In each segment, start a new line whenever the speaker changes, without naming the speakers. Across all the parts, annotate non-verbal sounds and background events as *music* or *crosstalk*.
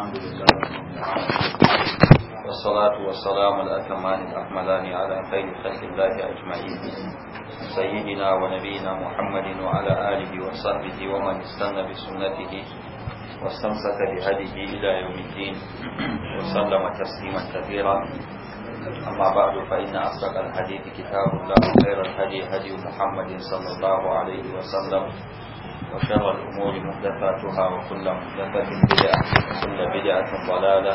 الحمد لله والصلاة والسلام الأكمان الأكملان على خير خلق الله أجمعين سيدنا ونبينا محمد وعلى آله وصحبه ومن استنى بسنته واستمسك بهديه إلى يوم الدين وسلم تسليما كثيرا أما بعد فإن أصدق الحديث كتاب الله خير الهدي هدي محمد صلى الله عليه وسلم وشر الأمور محدثاتها وكل محدثة بدعة وكل بدعة ضلالة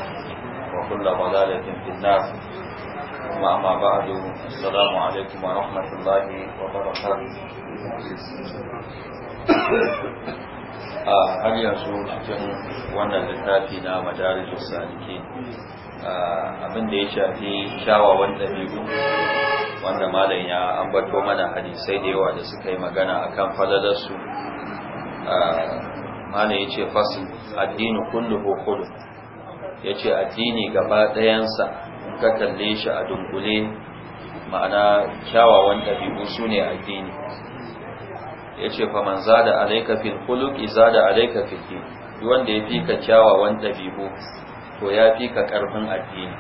وكل ضلالة في النار ثم أما
بعد السلام عليكم ورحمة الله وبركاته har yanzu cikin
wannan littafi na majalisar saliki abin da ya shafi kyawawan ɗabi'u wanda malam ya ambato mana hadisai da yawa da suka yi magana akan su. Ah, mana ya ce fasil addini ko kullu ya ce addini gaba ɗayansa in ka kalle shi a dunkule ma'ana kyawawan ɗabi'u su ne addini ya ce man zada alaika fil kuluki zada alaika fil din wanda ya fi ka kyawawan ɗabi'u to ya fi ka ƙarfin addini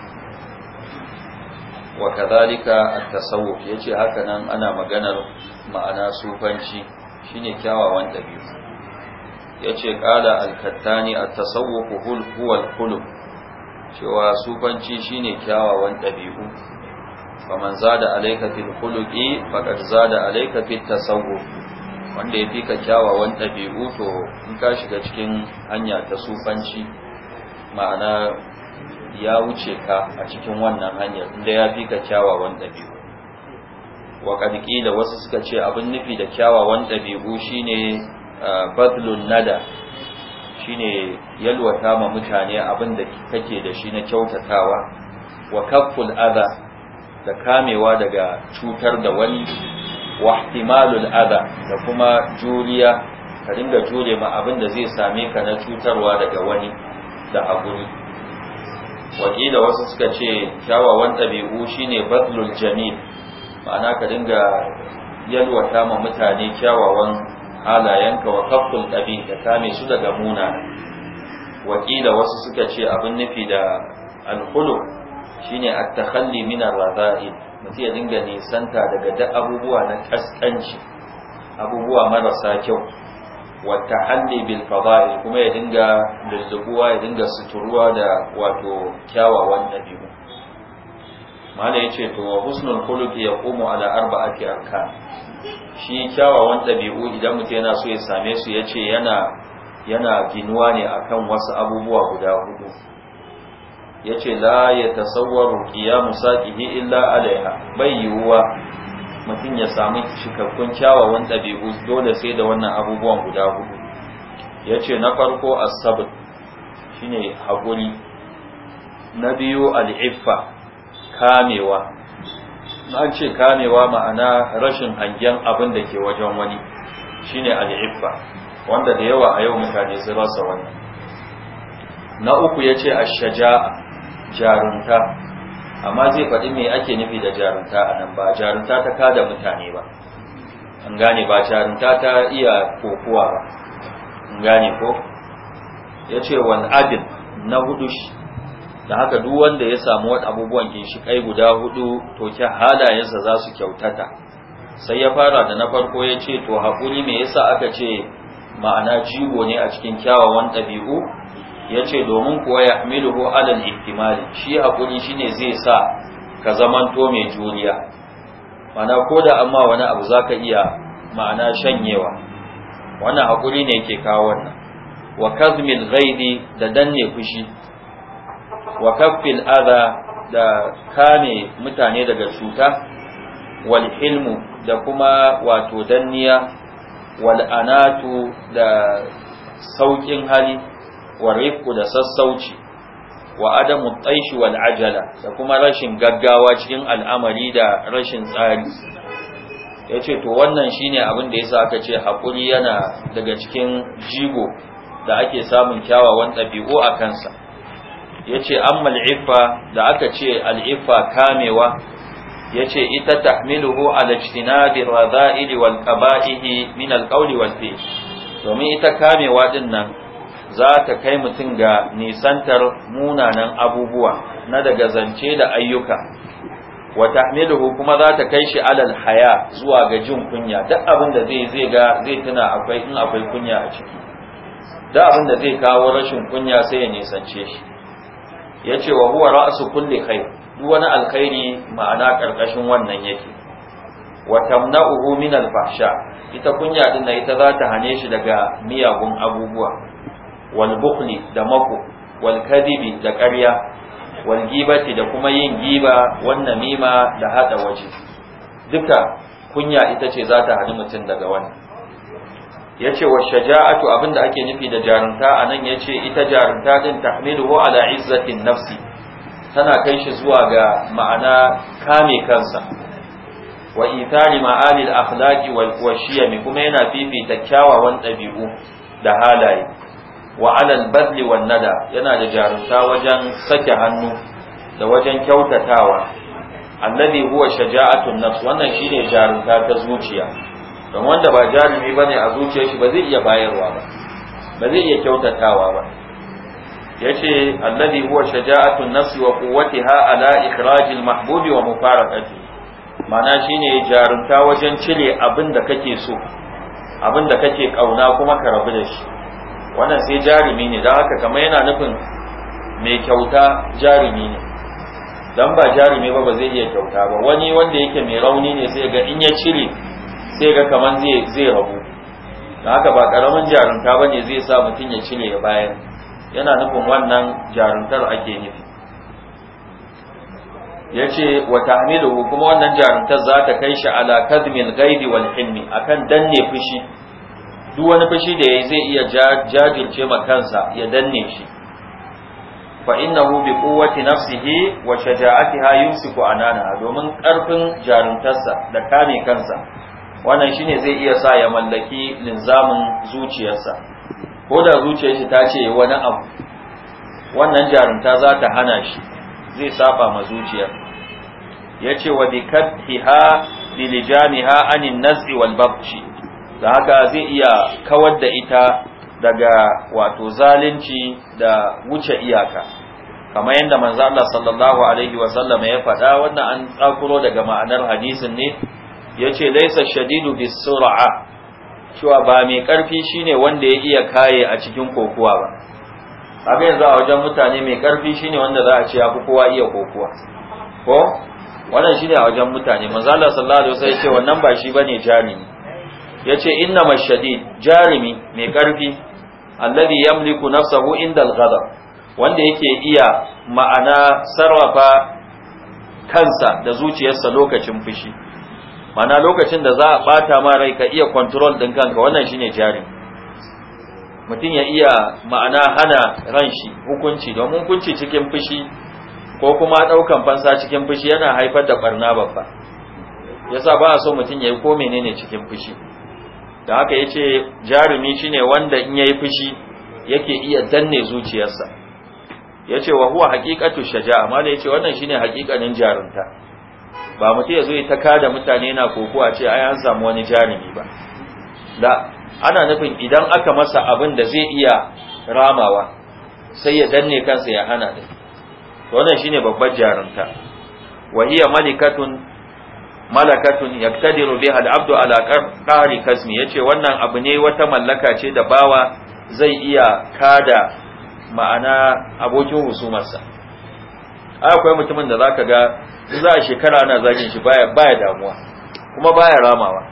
wa kadhalika at-tasawuf yace haka nan ana maganar ma'ana sufanci shine kyawawan ɗabi'u yace ƙara al alkattani a tasawwuf huwa al Kulu? cewa sufanci shine kyawawan dabi'u faman zada Kulu fil khuluqi zada alayka fit wanda ya fika kyawawan ɗabi'u to in ka shiga cikin hanya ta sufanci ma'ana ya wuce ka a cikin wannan hanyar inda ya fika kyawawan ɗabi'u. wa qad da wasu suka ce abin nufi da kyawawan ɗabi'u shine fadlun nada shine yalwata ma mutane abin da kake da shi na kyautatawa wa kafful adha da kamewa daga cutar da wani wa ihtimalul adha da kuma juriya ka dinga jure ma abin da zai same ka na cutarwa daga wani da haƙuri wakila wasu suka ce kyawawan ɗabi'u shine batlul jamil ma'ana ka dinga yalwata ma mutane kyawawan halayenka wa kaftul ɗabi ka kame su daga Muna. wakila wasu suka ce abin nufi da alhulu shine at-takhalli min ar-radha'i mutum ya dinga nisanta daga duk abubuwa na kaskanci abubuwa marasa kyau wa tahalli bil fada'i kuma ya dinga lullubuwa ya dinga suturuwa da wato kyawawan dabi'u ya ce to wa husnul khuluqi yaqumu ala arba'ati arkan shi kyawawan ɗabi'u idan mutum yana so ya same su ya ce yana yana ginuwa ne akan wasu abubuwa guda hudu ya ce la ya tasawwaru qiyamu saqihi illa alaiha bai yiwuwa mutum ya samu cikakkun kyawawan ɗabi'u dole sai da wannan abubuwan guda hudu ya ce na farko as-sabr shine hakuri. na biyu al-iffa kamewa an ce kamewa ma'ana rashin hangen abin da ke wajen wani shine al'iffa wanda da yawa a yau mutane su rasa wannan na uku ya ce ashaja'a jarunta amma zai faɗi me ake nufi da jarunta a nan ba jarunta ta kada mutane ba an gane ba jarunta ta iya kokowa ba an gane ko ya ce wani abin na hudu da haka duk wanda ya samu wani abubuwan ginshiƙai guda hudu to ke halayensa za su kyautata sai ya fara da na farko ya ce to haƙuri me yasa aka ce ma'ana jigo ne a cikin kyawawan ɗabi'u ya ce domin kuwa ya ko alal ihtimali shi haƙuri shine zai sa ka zamanto mai juriya ma'ana ko da amma wani abu za ka iya ma'ana shanyewa wannan haƙuri ne ke kawo wannan wa kazmin ghaidi da danne fushi wa kaffil adha da kame mutane daga cuta wal hilmu da kuma wato danniya wal anatu da sauƙin hali wa rifku da sassauci wa adamu taishi wal ajala da kuma rashin gaggawa cikin al'amari da rashin tsari ya ce to wannan shine abin da yasa aka ce haƙuri yana daga cikin jigo da ake samun kyawawan ɗabi'u a kansa Ya ce Amal ifa da aka ce al'ifa kamewa ya ce ita tahmiluhu ala ijtinabi radha'il wal qaba'ihi min al qawli domin ita kamewa ɗin nan za ta kai mutum ga nisantar munanan abubuwa na daga zance da ayyuka wa tahmiluhu kuma za ta kai shi alal haya zuwa ga jin kunya duk abin da zai zai ga zai tuna akwai in akwai kunya a ciki duk abin da zai kawo rashin kunya sai ya nisance shi ya ce wa huwa ra'asu kulli khair duk wani alkhairi ma'ana karkashin wannan yake wa tamna'uhu min al-fahsha ita kunya din ita za ta hane shi daga miyagun abubuwa wal bukhli da mako wal kadhibi da ƙarya wal gibati da kuma yin giba wannan mima da hada waje duka kunya ita ce za ta hane mutum daga wannan ya ce wa shaja'atu abinda ake nufi da jarunta a nan ya ce ita jarunta din tahmiluhu ala izzatin nafsi tana kai shi zuwa ga ma'ana kame kansa wa itari ma'alil akhlaqi wal shiyami kuma yana fifita kyawawan ɗabi'u da halaye wa alal badli wan nada yana da jarunta wajen sake hannu da wajen kyautatawa annabi huwa shaja'atun nafs wannan shine jarunta ta zuciya don wanda ba jarumi ba ne a zuciyar shi ba zai iya bayarwa ba ba zai iya kyautatawa ba ya ce alladhi huwa shaja'atun nafsi wa quwwatiha ala ikrajil mahbubi wa mufaraqati mana shine jarumta wajen cire abin da kake so abin da kake kauna kuma ka rabu da shi wannan sai jarumi ne dan haka kamar yana nufin mai kyauta jarumi ne dan ba jarumi ba ba zai iya kyauta ba wani wanda yake mai rauni ne sai ga in ya cire sai ga kaman zai zai rabu don haka ba karamin jarunta bane zai sa mutum ya cire ya bayan yana nufin wannan jaruntar ake nufi ya ce wa tahmiluhu kuma wannan jaruntar za ta kai shi ala kadmin gaidi wal hilmi akan danne fushi duk wani fushi da ya zai iya jajirce ma kansa ya danne shi fa innahu bi quwwati nafsihi wa shaja'atiha yumsiku anana domin karfin jaruntarsa da kame kansa wannan shine zai iya sa ya mallaki linzamin zuciyarsa ko da zuciyar ta ce wani abu wannan jarumta za ta hana shi zai saba ma zuciyar ya ce wa bi kadhiha lilijaniha anin naz'i wal babci da haka zai iya kawar da ita daga wato zalunci da wuce iyaka kamar yadda manzo Allah sallallahu alaihi wa sallam ya faɗa wannan an tsakuro daga ma'anar hadisin ne ya ce laisa shadidu bi sura'a cewa ba mai ƙarfi shine wanda ya iya kaye a cikin kokuwa ba abin yanzu a wajen mutane mai ƙarfi shine wanda za a ce ya fi kowa iya kokuwa ko wannan shine a wajen mutane Allah sallallahu alaihi wasallam ya ce wannan ba shi bane jarimi yace inna mashadid jarimi mai ƙarfi alladhi yamliku nafsahu inda al-ghadab wanda yake iya ma'ana sarrafa kansa da zuciyarsa lokacin fushi mana lokacin da za a bata ma rai ka iya control din kanka wannan shine jari mutum ya iya ma'ana hana ran shi hukunci domin hukunci cikin fushi ko kuma daukan fansa cikin fushi yana haifar da barna babba yasa ba a so mutum ya yi ko menene cikin fushi da haka yace jarumi shine wanda in yayi fushi yake iya danne zuciyarsa yace wa huwa haqiqatu shaja'a amma yace wannan shine haqiqanin jarunta ba mutum ya zo ta kada mutane na koko ce ai an samu wani jarumi ba da ana nufin idan aka masa abin da zai iya ramawa sai ya danne kansa ya hana din to wannan shine babbar jarumta wa hiya malikatun malakatun yaktadiru biha al-abdu ala qahri kasmi yace wannan abu ne wata mallaka ce da bawa zai iya kada ma'ana abokin husumarsa akwai mutumin da zaka ga za a shekara ana zagin shi baya baya damuwa kuma baya ramawa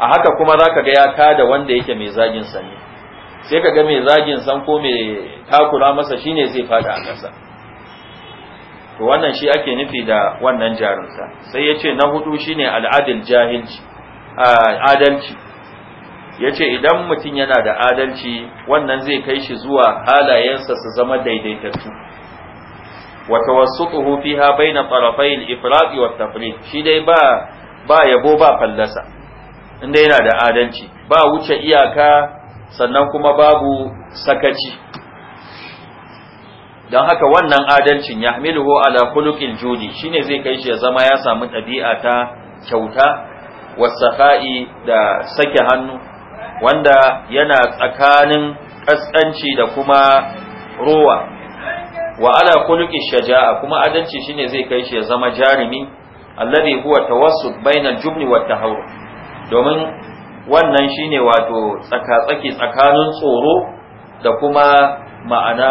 a haka kuma zaka ga ya da wanda yake mai zagin sa ne sai ka ga mai zagin san ko mai takura masa shine zai fada a ƙasa to wannan shi ake nufi da wannan jarumta sai yace na hudu shine al'adil jahilci adalci yace idan mutum yana da adalci wannan zai kai shi zuwa halayensa su zama daidaitattu wa tawassutuhu fiha baina tarafai al-ifrat wa tafriq shi dai ba ba yabo ba fallasa inda yana da adalci ba wuce iyaka sannan kuma babu sakaci don haka wannan adalcin ya hamiluhu ala khuluqil judi shine zai kai shi ya zama ya samu ɗabi'a ta kyauta wasafa'i da sake hannu wanda yana tsakanin ƙasƙanci da kuma rowa wa ala khuluqi shaja'a kuma adalci shine zai kai shi ya zama jarumi alladhi huwa tawassut bainal jubni wat tahawur domin wannan shine wato tsaka tsakanin tsoro da kuma ma'ana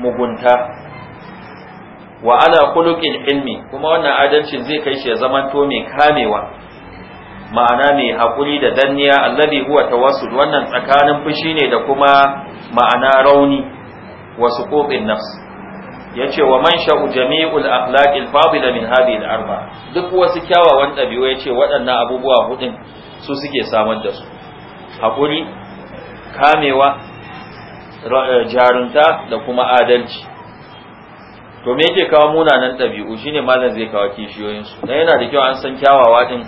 mugunta wa ala ilmi kuma wannan adalcin zai kai shi ya zama to mai kamewa ma'ana mai haƙuri da danniya alladhi huwa tawassud wannan tsakanin fushi ne da kuma ma'ana rauni wasu suquqin nafs Ya ce wa man sha'u jami'ul akhlaq al fadila min hadhihi al arba duk wasu kyawawan dabi'u ce waɗannan abubuwa hudin su suke samar da su hakuri kamewa eh, jarunta da kuma adalci to me yake kawo munanan dabi'u shine malam zai kawo kishiyoyin su dan yana da kyau an san kyawawa din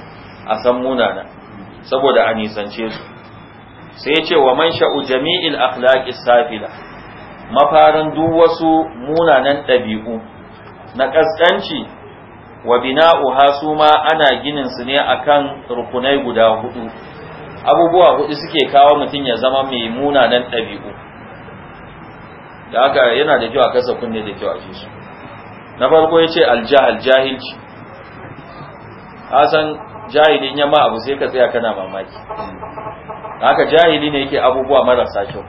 a san munana saboda a nisance su sai ya ce wa man sha'u jami'il akhlaqis safila mafarin duk wasu munanan ɗabi'u na ƙasƙanci wa bina'uha su ma ana ginin su ne akan rukunai guda hudu abubuwa hudu suke kawo mutum ya zama mai munanan ɗabi'u da haka yana da kyau a kasa kunne da kyau a ji su na farko ya ce aljahal jahilci hasan jahilin yamma abu sai ka tsaya kana mamaki haka jahili ne yake abubuwa marasa kyau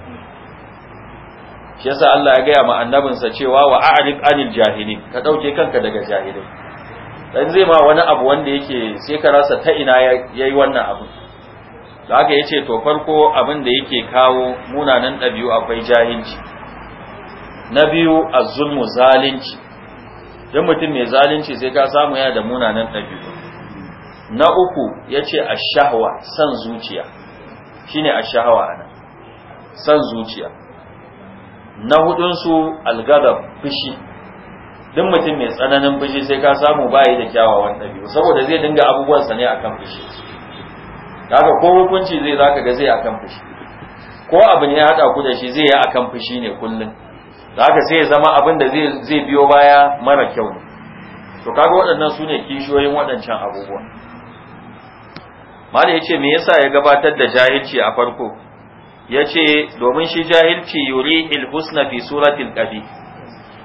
shi yasa Allah ya gaya ma annabinsa cewa wa a'rif anil jahilin ka dauke kanka daga jahilin dan zai ma wani abu wanda yake sai ka rasa ta ina yayi wannan abu da haka yace to farko abin da yake kawo munanan dabi'u akwai jahilci na biyu az-zulmu zalunci dan mutum mai zalunci sai ka samu yana da munanan dabi'u na uku yace ash-shahwa san zuciya shine ash-shahwa ana san zuciya na hudunsu algadab fushi duk mutum mai tsananin fushi sai ka samu bayi da kyawawan ɗabi'u saboda zai dinga sa ne akan fushi kaga ko hukunci zai zaka ga zai akan fushi ko abin ya hada ku da shi zai yi akan fushi ne kullum zaka sai ya zama abin da zai biyo baya mara kyau ne to kaga waɗannan su ne kishiyoyin waɗancan abubuwa mala ya ce me yasa ya gabatar da jahilci a farko ya ce domin shi jahilci yuri ilhusna fi suratil ƙabi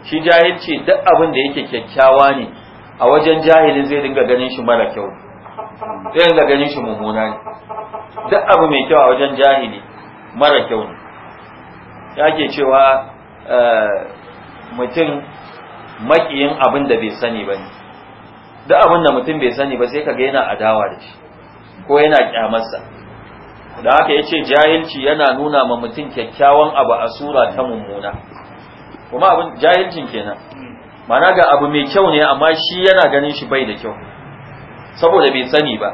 shi jahilci duk abin da yake kyakkyawa ne a wajen jahilin zai dinga ganin shi mara kyau zai dinga ganin shi mummuna ne duk abu mai kyau a wajen jahili mara kyau ne ya ke cewa eh, mutum makiyin abin da bai sani ba ne duk abin da mutum bai sani ba sai ka ga yana adawa da shi ko yana kyamarsa da haka ya ce jahilci yana nuna ma mutum kyakkyawan abu a sura ta mummuna kuma abin jahilcin kenan mana ga abu mai kyau ne amma shi yana ganin shi bai da kyau saboda bai sani ba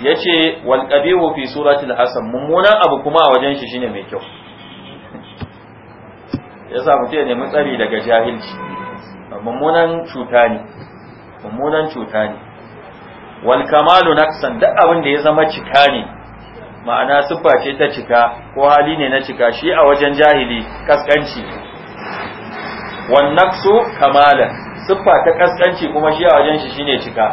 ya ce walƙabihu fi suratul hasan mummunan abu kuma a wajen shi shine mai kyau ya sa mutum ya nemi tsari daga jahilci mummunan cuta ne mummunan cuta ne wal kamalu naqsan duk abin da ya zama cika ne ma'ana siffa ce ta cika ko hali ne na cika shi a wajen jahili kaskanci wal naqsu kamala siffa ta kaskanci kuma shi a wajen shi shine cika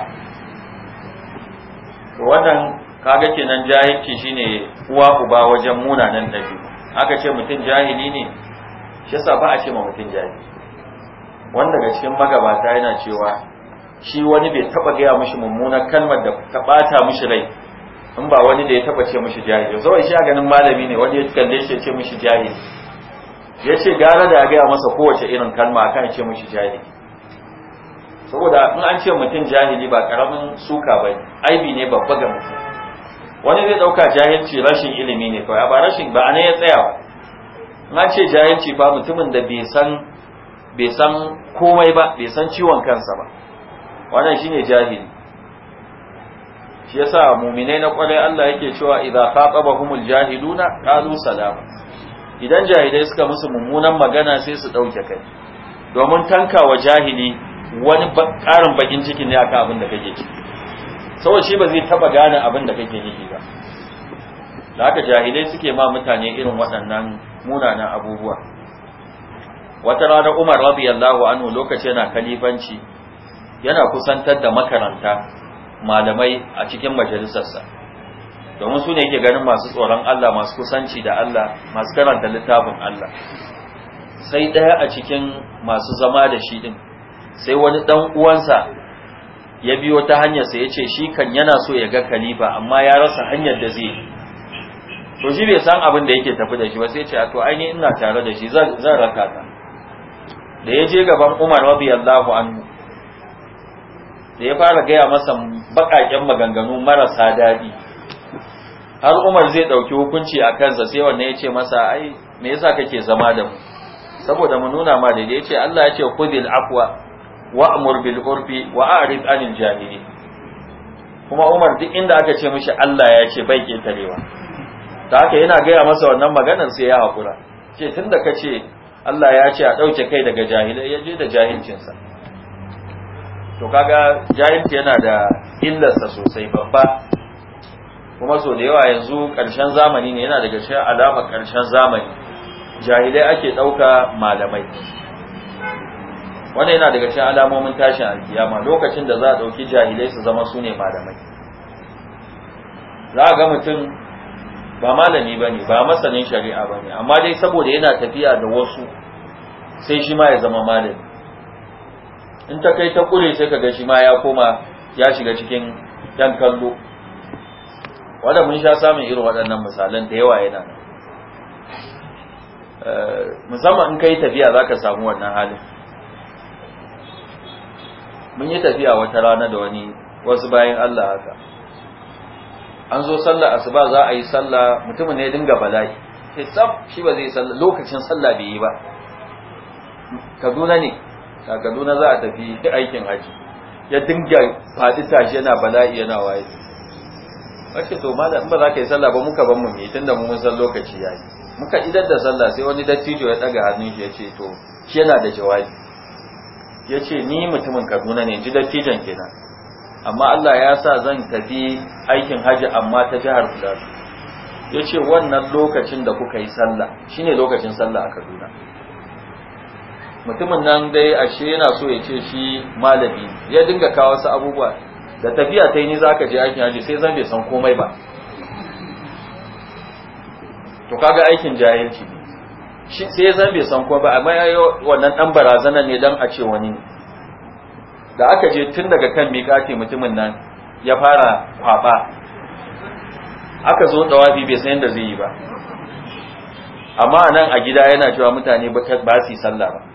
to wannan kaga kenan jahilci shine uwa uba wajen munanan dabi aka ce mutum jahili ne shi yasa ba a ce ma mutum jahili wanda daga cikin magabata yana cewa shi wani bai taba gaya mishi mummunar kalmar da ta bata mishi rai in ba wani da ya taba ce mishi jahil yanzu wai shi a ganin malami ne wani ya kalle shi ya ce mishi jahil ya ce gara da ya gaya masa kowace irin kalma akan ya ce mishi jahil saboda in an ce mutum jahili ba karamin suka ba aibi ne babba ga mutum wani zai dauka jahilci rashin ilimi ne kawai ba rashin ba anan ya tsaya ba in an ce jahilci ba mutumin da bai san bai san komai ba bai san ciwon kansa ba wannan shine jahili shi yasa mu'minai na kwarai Allah yake cewa idza khatabahumul jahiluna qalu salama idan jahilai suka musu mummunan magana sai su dauke kai domin tankawa jahili wani karin bakin ciki ne akan abin da kake ciki saboda shi ba zai taba gane abin da kake nufi ba da haka jahilai suke ma mutane irin waɗannan munanan abubuwa wata rana Umar radiyallahu anhu lokacin yana kalifanci yana kusantar da makaranta malamai a cikin majalisarsa domin su ne yake ganin masu tsoron Allah masu kusanci da Allah masu karanta littafin Allah sai ɗaya a cikin masu zama da shi ɗin sai wani ɗan uwansa ya biyo ta hanyarsa ya ce shi kan yana so ya ga kalifa amma ya rasa hanyar da zai to shi bai san abin da yake tafi da shi ba sai ya ce a to ainihin ina tare da shi zan raka ta da ya je gaban umar radiyallahu anhu da ya fara gaya masa baƙaƙen maganganu marasa daɗi har umar zai ɗauki hukunci a kansa sai wannan ya ce masa ai me yasa kake zama da mu saboda mu nuna ma daidai ya ce Allah ya ce khudil afwa wa'mur bil urfi wa a'rid anil jahili kuma Umar duk inda aka ce mishi Allah ya ce bai ketarewa ta haka yana gaya masa wannan maganar sai ya hakura ce tunda kace Allah ya ce a ɗauke kai daga jahilai ya je da jahilcinsa to kaga jahilci yana da illarsa sosai babba kuma so da yawa yanzu ƙarshen zamani ne yana daga cikin alama ƙarshen zamani jahilai ake ɗauka malamai wannan yana daga cikin alamomin tashin alkiyama lokacin da za a ɗauki jahilai su zama su ne malamai za a ga mutum ba malami ba ne ba masanin shari'a ba amma dai saboda yana tafiya da wasu sai shi ma ya zama malami in ta kai ta kure sai ka ga shi ma ya koma ya shiga cikin yan kallo wanda mun sha samun irin waɗannan misalan da yawa yana eh, musamman in kai tafiya za ka samu wannan halin mun yi tafiya wata rana da wani wasu bayan Allah haka an zo sallah asuba za a yi sallah mutumin ne dinga bala'i sai shi ba zai sallah lokacin sallah bai yi ba kaduna ne ta kaduna za a tafi aikin haji ya dinga faɗi tashi yana bala'i yana waye wace to ma in ba za ka yi sallah ba muka ban mu mai tunda mun san lokaci yayi muka idar da sallah sai wani dattijo ya daga hannun shi ya ce to shi yana da jawabi ya ce ni mutumin kaduna ne ji dattijon kenan amma Allah ya sa zan tafi aikin hajji amma ta jihar Filato ya ce wannan lokacin da kuka yi sallah shine lokacin sallah a kaduna mutumin nan dai ashe yana so ya ce shi malami ya dinga kawo wasu abubuwa da tafiya ta yi ni za ka je aikin haji sai zan bai san komai ba to kaga aikin jahilci sai zan bai san komai ba amma yayo wannan dan barazana ne dan a ce wani da aka je tun daga kan miƙati mutumin nan ya fara kwaba aka zo dawafi bai san yadda zai yi ba amma nan a gida yana cewa mutane ba su yi sallah ba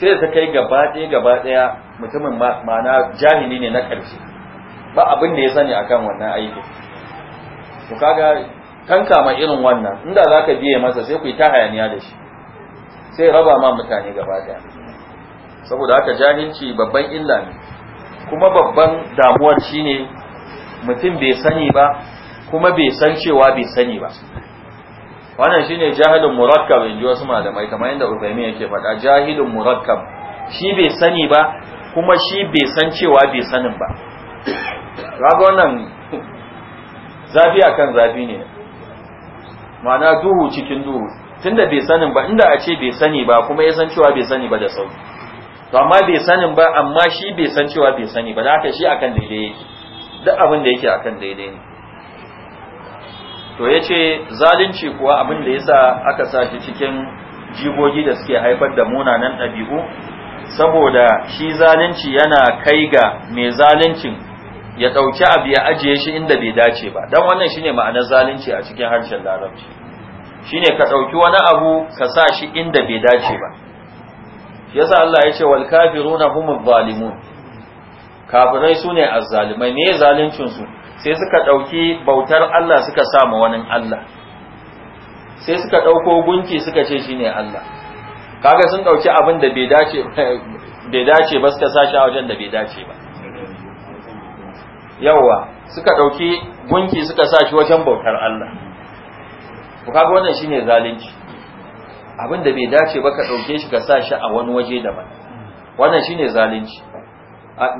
sai ta kai gaba ɗaya gaba ɗaya mutumin ma'ana jahili ne na ƙarshe ba abin da ya sani akan wannan aikin to kaga tanka ma irin wannan inda za ka biye masa sai ku yi ta hayaniya da shi sai raba ma mutane gaba ɗaya saboda haka jahilci babban illa ne kuma babban damuwar shine mutum bai sani ba kuma bai san cewa bai sani ba wannan shine jahilun murakkab in ji wasu malamai kamar yadda Uthaymeen yake faɗa jahilun murakkab shi bai sani ba kuma shi bai san cewa bai sanin ba kaga wannan *laughs* zafi akan zafi ne ma'ana duhu cikin duhu tunda bai sanin ba inda a ce bai sani ba kuma ya san cewa bai sani ba da sauki to amma bai sanin ba amma shi bai san cewa bai sani ba da haka shi akan daidai yake duk abin da yake akan daidai ne to ya ce zalunci kuwa abin da ya sa aka sa cikin jigogi da suke haifar da munanan ɗabi'u saboda shi zalunci yana kai ga mai zaluncin ya ɗauki abu ya ajiye shi inda bai dace ba don wannan shi ne ma'anar zalunci a cikin harshen larabci Shi ne ka ɗauki wani abu ka sa shi inda bai dace ba yasa Allah ya ce wal kafiruna humuz zalimun kafirai sune azzalimai me zaluncin su sai suka ɗauki bautar Allah suka sa ma wani Allah sai suka ɗauko gunki suka ce shine Allah kaga sun ɗauki abin da bai dace *laughs* bai dace ba suka sa a wajen da bai dace ba yawa suka ɗauki gunki suka sa shi wajen bautar Allah ku kaga wannan shine zalunci abin da bai dace ba ka ɗauke shi ka sa shi a wani waje daban wannan shine zalunci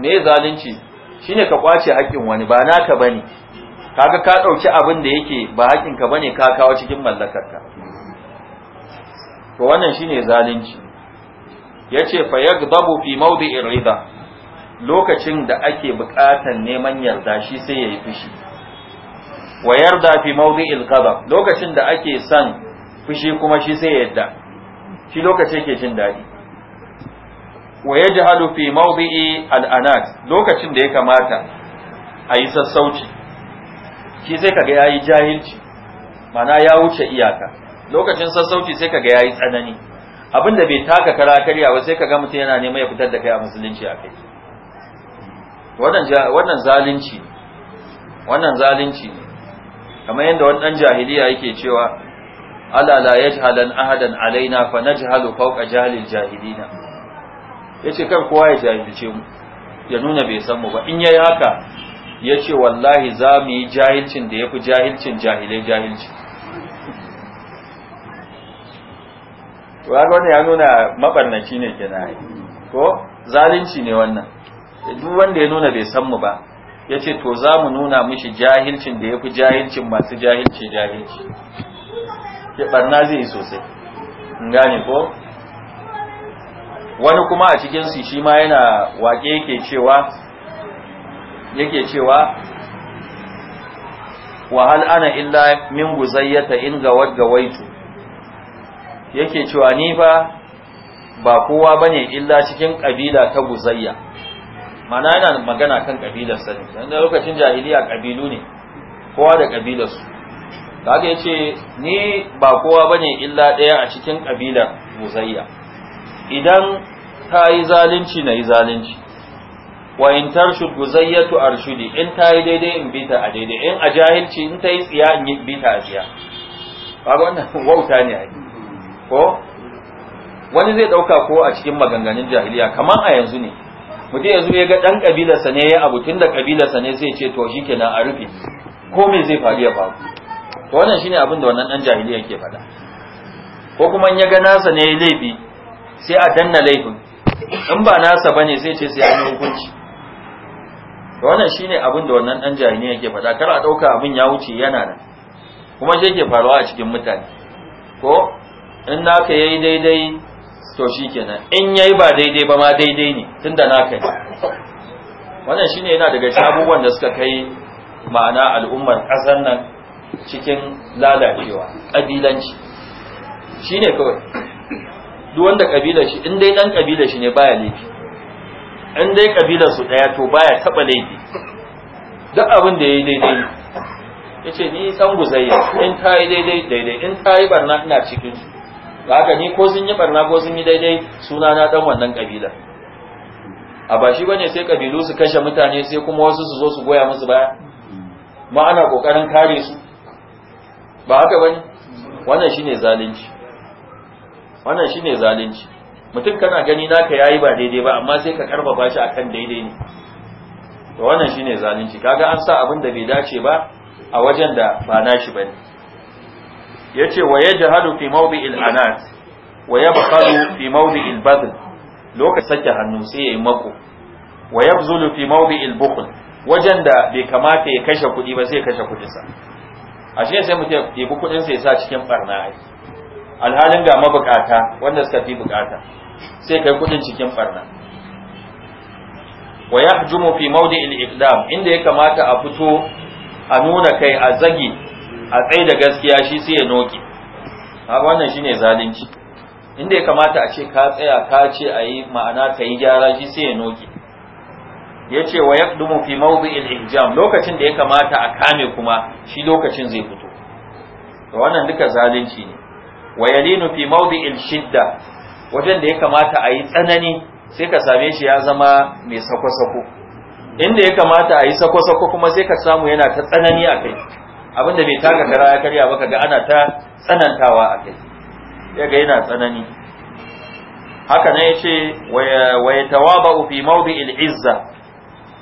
me zalunci shine ka kwace haƙƙin wani ba naka bane kaga ka ɗauki abin da yake ba haƙƙinka bane ka kawo cikin mallakarka to wannan shine zalunci yace fa yaghdabu fi mawdi'i rida lokacin da ake buƙatar neman yarda shi sai yayi fushi wa yarda fi mawdi'il ghadab lokacin da ake son fushi kuma shi sai yarda shi lokaci yake jin dadi? wa yajhalu fi mawdi'i al lokacin da ya kamata a yi sassauci shi sai kaga yayi jahilci mana ya wuce iyaka lokacin sassauci sai kaga yayi tsanani abinda bai taka kara karya ba sai kaga mutum yana neman ya fitar da kai a musulunci a kai wannan zalunci wannan zalunci ne kamar yadda wani dan jahiliya yake cewa ala la yajhalan ahadan alaina fa najhalu fawqa jahlil jahilina ya ce kan kowa ya jahilce mu ya nuna bai san mu ba in yayi haka ya ce wallahi za mu yi jahilcin da ya fi jahilcin jahilai jahilci to ga wannan ya nuna mabarnaci ne kenan ko zalunci ne wannan duk wanda ya nuna bai san mu ba ya ce to za mu nuna mishi jahilcin da ya fi jahilcin masu jahilci jahilci ke barna zai yi sosai gane ko wani kuma a cikinsu shi ma yana waƙe yake cewa yake cewa wahal ana illa min guzayyata in gawar gawaitu yake cewa ni fa ba kowa bane illa cikin kabila ta guzayya mana yana magana kan kabilar sani dan lokacin jahiliya kabilu ne kowa da kabilar su ya yace ni ba kowa bane illa daya a cikin kabilar guzayya idan ta yi zalunci na yi zalunci wa in tarshud guzayyatu arshudi in ta yi daidai in bita a daidai in a jahilci in ta yi tsiya in yi bita a tsiya ba wannan *laughs* wauta ne a ko wani zai dauka ko a cikin maganganun jahiliya kamar a yanzu ne mutum yanzu ya ga dan kabilarsa ne ya abu tun da kabilarsa ne zai ce to shikenan a rufe ko me zai faru ya faru to wannan shine abin da wannan dan jahiliya ke faɗa ko kuma in ya ga nasa ne ya laifi sai a danna laifin in ba nasa bane sai ce sai an yi hukunci wannan shine abin da wannan dan jarumi yake faɗa kar a ɗauka abin ya wuce yana nan kuma shi yake faruwa a cikin mutane ko in naka yayi daidai to shikenan in yayi ba daidai ba ma daidai ne tunda naka ne wannan shine yana daga cikin abubuwan da suka kai ma'ana al'ummar ƙasar nan cikin lalacewa ƙabilanci shine kawai duk wanda kabilar shi in dai dan kabilar shi ne baya laifi in dai kabilar su daya to baya taba laifi duk abin da yayi daidai yace ni san guzayya in ta yi daidai daidai in ta yi barna ina cikin su haka ni ko sun yi barna ko sun yi daidai suna na dan wannan kabila a ba shi bane sai kabilu su kashe mutane sai kuma wasu su zo su goya musu baya ma ana kokarin kare su ba haka bane wannan shine zalunci wannan shine zalunci mutum kana gani naka yayi ba daidai ba amma sai ka karfafa shi akan daidai ne to wannan shine zalunci kaga an sa abin da bai dace ba a wajen da ba nashi bane yace wa yajhadu fi mawdi'il anat
wa yabqalu
fi mawdi'il badl lokacin sake hannu sai yayi mako wa yabzulu fi mawdi'il bukhl wajen da bai kamata ya kashe kuɗi ba sai kashe kuɗinsa ne sai mutum ya bi kuɗinsa ya sa cikin barna ai alhalin ga mabukata wanda suka fi bukata sai kai kudin cikin farna wa yahjumu fi mawdi'il iqdam inda ya kamata a fito a nuna kai a zagi a tsaye da gaskiya shi sai ya noki a wannan shine zalunci inda ya kamata a ce ka tsaya ka ce a yi ma'ana ka yi gyara shi sai ya noki ya ce wa yaqdumu fi mawdi'il ihjam lokacin da ya kamata a kame kuma shi lokacin zai fito to wannan duka zalunci ne wa yalinu fi mawdi'il shidda wajen da ya kamata a yi tsanani sai ka same shi ya zama mai sako-sako inda ya kamata a yi sako-sako kuma sai ka samu yana ta tsanani a kai abinda bai taka kara ya karya ba ga ana ta tsanantawa a kai ya ga yana tsanani haka ne yace wa yatawaba fi mawdi'il izza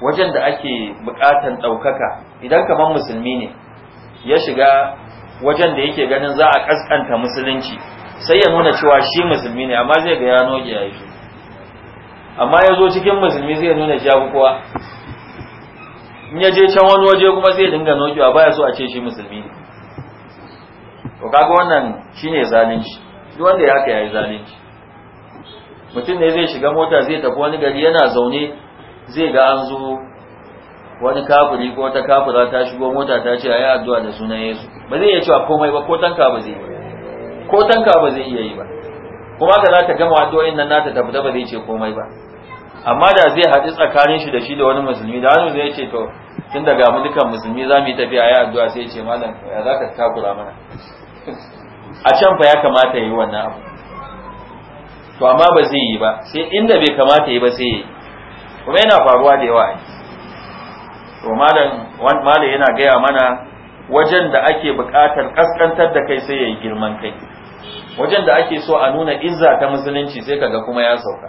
wajen da ake bukatan daukaka idan kaman musulmi ne ya shiga wajen da yake ganin za a kaskanta musulunci sai ya nuna cewa shi musulmi ne amma zai ga ya noge ya yi amma ya zo cikin musulmi zai nuna jagu kowa in ya je can wani waje kuma zai dinga nogewa baya so a ce shi musulmi ne to kaga wannan shine zalunci duk wanda ya haka yayi zalunci mutum ne zai shiga mota zai tafi wani gari yana zaune zai ga an zo wani kafiri ko wata kafira ta shigo mota ta ce ayi addu'a da sunan Yesu ba zai iya cewa komai ba ko tanka ba zai ko tanka ba zai iya yi ba kuma ka za ta gama addu'o'in nan nata ta fita ba zai ce komai ba amma da zai haɗi tsakanin shi da shi da wani musulmi da wani zai ce to tun daga mu dukan musulmi za mu yi tafiya ayi addu'a sai ya ce malam ya za ka takura mana a can fa ya kamata yi wannan abu to amma ba zai yi ba sai inda bai kamata yi ba sai yi kuma yana faruwa da yawa a to malam malam yana gaya mana wajen da ake buƙatar ƙasƙantar da kai sai yayi girman kai wajen da ake so a nuna izza ta musulunci sai kaga kuma ya sauka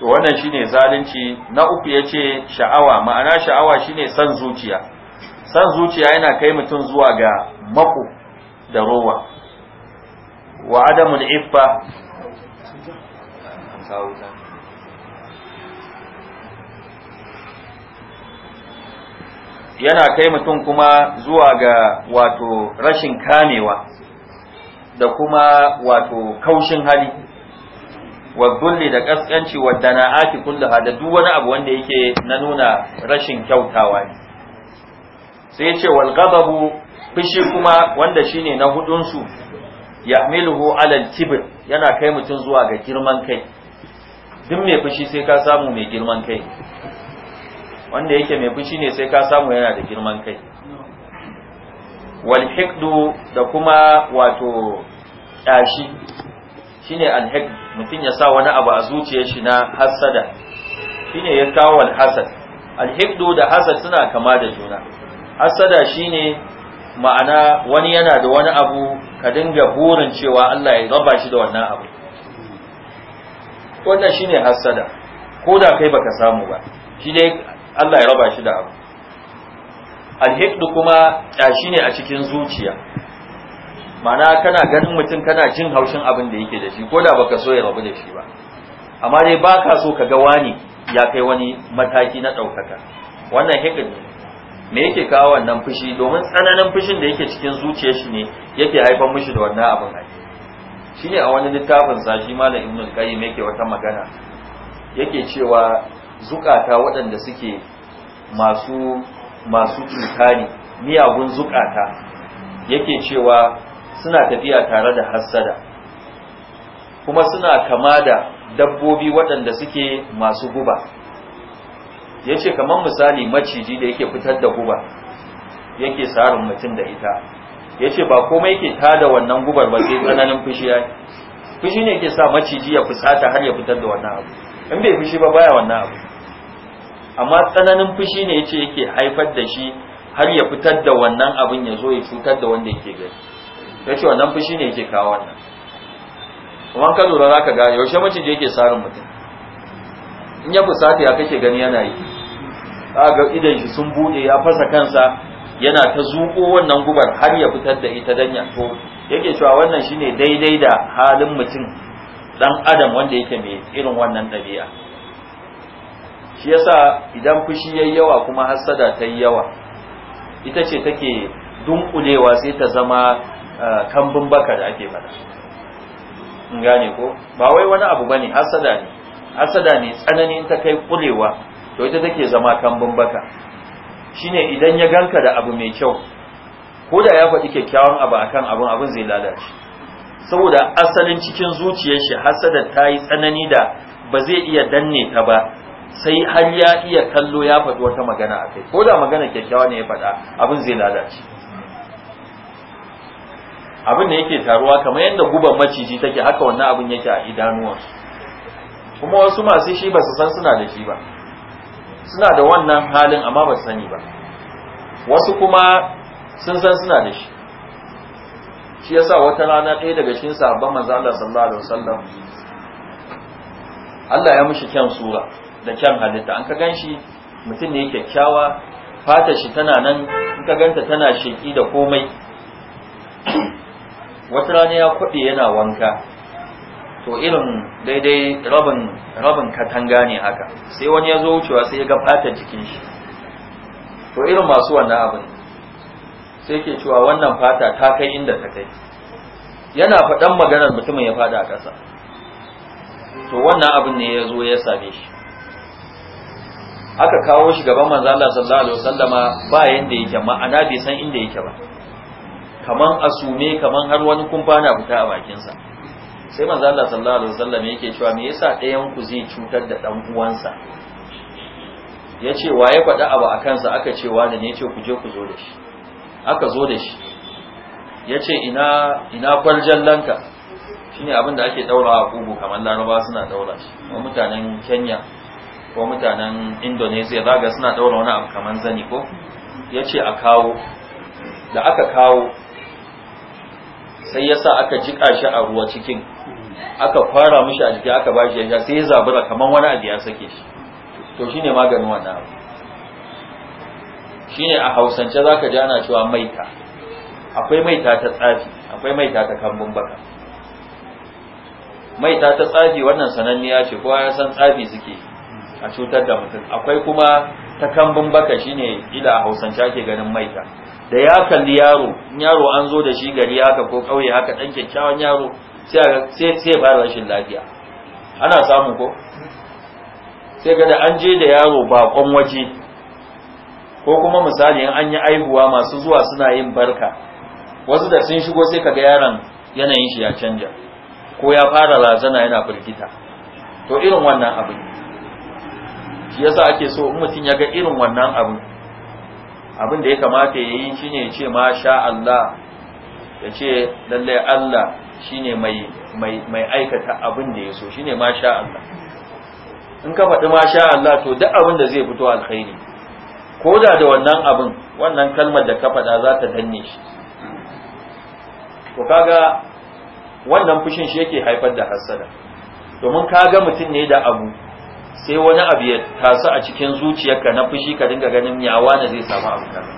to wannan shine zalunci na uku yace sha'awa ma'ana sha'awa shine san zuciya san zuciya yana kai mutum zuwa ga mako da rowa wa adamul iffa yana kai mutum kuma zuwa ga wato rashin kamewa da kuma wato kaushin hali wa dulli da kaskanci wa dana'ati kullaha da duk wani abu wanda yake na nuna rashin kyautawa ne sai ya ce wal ghadabu fishi kuma wanda shine na hudun su ya'miluhu ala al-kibr yana kai mutum zuwa ga girman kai duk mai fushi sai ka samu mai girman kai wanda yake mai fushi ne sai ka samu yana da girman kai wal hikdu da kuma wato ƙyashi shine al hikd mutum ya sa wani abu a zuciyar shi na hasada shine ya kawo al hasad al hikdu da hasad suna kama da juna hasada shine ma'ana wani yana da wani abu ka dinga burin cewa Allah ya raba shi da wannan abu wannan shine hasada ko da kai baka samu ba shi dai Allah ya raba shi da abu alhikdu kuma ƙyashi ne a cikin zuciya mana kana ganin mutum kana jin haushin abin da yake da shi ko da baka so ya rabu da shi ba amma dai baka so ka ga wani ya kai wani mataki na ɗaukaka wannan hikid me yake kawo wannan fushi domin tsananin fushin da yake cikin zuciyar shi ne yake haifar mishi da wannan abin ake ne a wani littafin sa shi malam ibnu qayyim yake wata magana yake cewa zukata waɗanda suke masu masu cuta ne miyagun zukata yake cewa suna tafiya tare da hassada kuma suna kama da dabbobi waɗanda suke masu guba ya ce kamar misali maciji da yake fitar da guba yake tsarin mutum da ita ya ce ba komai yake tada wannan gubar ba sai tsananin fushi ya fushi ne ke sa maciji ya fusata har ya fitar da wannan abu in bai fushi ba baya wannan abu amma tsananin fushi ne yace yake haifar da shi har ya fitar da wannan abin ya zo ya cutar da wanda yake gani yace wannan fushi ne yake kawo wannan kuma ka lura zaka ga yaushe je yake sarin mutum in ya fusata ya kake gani yana yi ga idan shi sun bude ya fasa kansa yana ta zuko wannan gubar har ya fitar da ita dan ya to yake cewa wannan shine daidai da halin mutum dan adam wanda yake mai irin wannan ɗabi'a shi yasa idan fushi yayi yawa kuma hasada ta yi yawa ita ce take dunkulewa sai ta zama eh, kambun baka da ake faɗa in gane ko ba wai wani abu bane hasada ne hasada ne tsanani in ta kai kulewa to ita take zama kambun baka shine idan ya ganka da abu mai kyau ko da ya faɗi kyakkyawan abu akan abun abun zai lalace saboda asalin cikin zuciyar shi hassada ta yi tsanani da ba zai iya danne ta ba sai har ya iya kallo ya faɗi wata magana a kai ko da magana kyakkyawa ne ya faɗa abin zai lalace abin da yake taruwa kamar yadda guban maciji take haka wannan abin yake a idanuwansu kuma wasu masu shi ba su san suna da shi ba suna da wannan halin amma ba su sani ba wasu kuma sun san suna da shi shi yasa wata rana ɗaya daga cikin sahabban manzo Allah sallallahu alaihi wasallam Allah ya mishi kyan sura da kyan halitta an ka gan shi mutum ne kyakkyawa fata shi tana nan in ka ganta tana sheƙi da komai *clears throat* wata rana ya kwaɗe yana wanka to irin daidai rabin katanga ne haka sai wani ya zo wucewa sai ya ga fatar jikin shi to irin masu wannan abin sai ke cewa wannan fata ta kai inda ta kai yana faɗan maganar mutumin ya faɗa a ƙasa to wannan abin ne ya zo ya same shi aka kawo shi gaban manzo Allah sallallahu alaihi wasallama ba yanda yake ma'ana bai san inda yake ba kaman asume kaman har wani kumfa na fita a bakin sa sai manzo Allah sallallahu alaihi wasallama yake cewa me yasa ɗayan ku zai cutar da dan uwansa yace wa ya faɗa abu akan sa aka ce wani ne yace ku je ku zo da shi aka zo da shi yace ina ina lanka shine abin da ake daura a kugu kamar laraba suna daura shi mutanen Kenya ko mutanen indonesia zaga suna ɗaura wani abu kamar zani ko ya ce a kawo da aka kawo sai ya sa aka jiƙa shi a ruwa cikin aka fara mishi a jiki aka bashi ya sha sai ya zabura kamar wani abu ya sake shi to shine maganin wannan abu shine a hausance zaka ji ana cewa maita akwai maita ta tsafi akwai maita ta kambun baka maita ta tsafi wannan sananniya ce kowa ya san tsafi suke a cutar da mutum akwai kuma ta kambun baka ne, ila hausance ake ganin maita da ya kalli yaro yaro an zo da shi gari haka ko kauye haka dan kyakkyawan yaro sai sai fara rashin lafiya ana samu ko sai ga an je da yaro bakon waje ko kuma misali an yi aihuwa masu zuwa suna yin barka wasu da sun shigo sai kaga yaron yanayin shi ya canja ko ya fara razana yana firgita to irin wannan abin shi yasa ake so in mutum ya ga irin wannan abin abin da ya kamata ya yi shine ya ce ma sha Allah ya ce lallai Allah shine mai mai aikata abin da ya so shine ma sha Allah in ka faɗi ma sha Allah to duk abin da zai fito alkhairi ko da da wannan abin wannan kalmar da ka faɗa za ta danne shi to kaga wannan fushin shi yake haifar da hassada domin kaga mutum ne da abu sai wani abu ya tasu a cikin zuciyarka na fushi ka dinga ganin yawa na zai samu abu kaza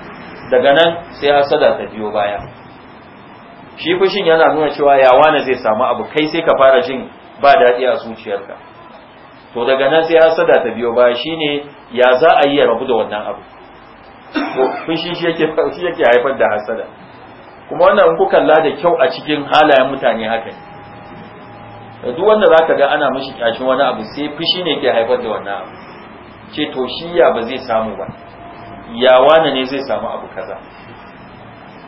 daga nan sai hasada ta biyo baya shi fushin yana nuna cewa yawa na zai samu abu kai sai ka fara jin ba daɗi a zuciyarka to daga nan sai hasada ta biyo baya shine ya za a yi ya rabu da wannan abu fushi shi yake yake haifar da hasada kuma wannan kuka ku kalla da kyau a cikin halayen mutane haka ne duk wanda zaka ga ana mishi kyashin wani abu sai fushi ne ke haifar da wannan abu ce to shi ya ba zai samu ba ya wane ne zai samu abu kaza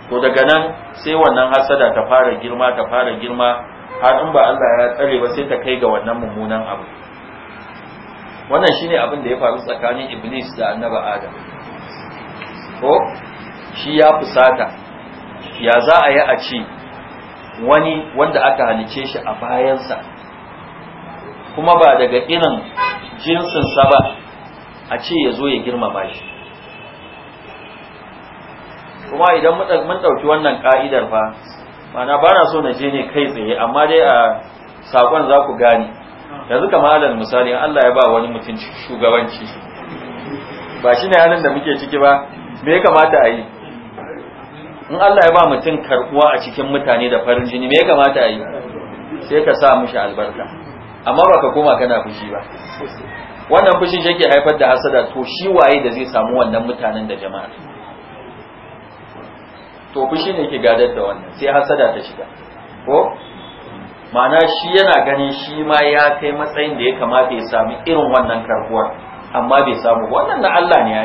to daga nan sai wannan hasada ta fara girma ta fara girma har in ba Allah ya tsare ba sai ta kai ga wannan mummunan abu wannan shine abin da ya faru tsakanin iblis da annabi adam ko shi ya fusata ya za a yi a ci wani wanda aka halice shi a bayansa kuma ba daga irin jinsinsa ba a ce ya zo ya girmama shi kuma idan mun ɗauki wannan ƙa'idar fa mana ba na so na je ne kai tsaye amma dai a sakon za ku gane yanzu kama alal misali Allah ya ba wani mutum shugabanci ba shi ne halin da muke ciki ba me ya kamata a yi in Allah ya ba mutum karbuwa a cikin mutane da farin jini me ya kamata a yi sai ka sa mushi albarka amma ba ka koma kana fushi ba wannan fushin shi yake haifar da hasada to shi waye da zai samu wannan mutanen da jama'a to fushi ne yake gadar da wannan sai hasada ta shiga ko ma'ana shi yana ganin shi ma ya kai matsayin da ya kamata ya samu irin wannan karbuwa amma bai samu wannan na Allah ne ya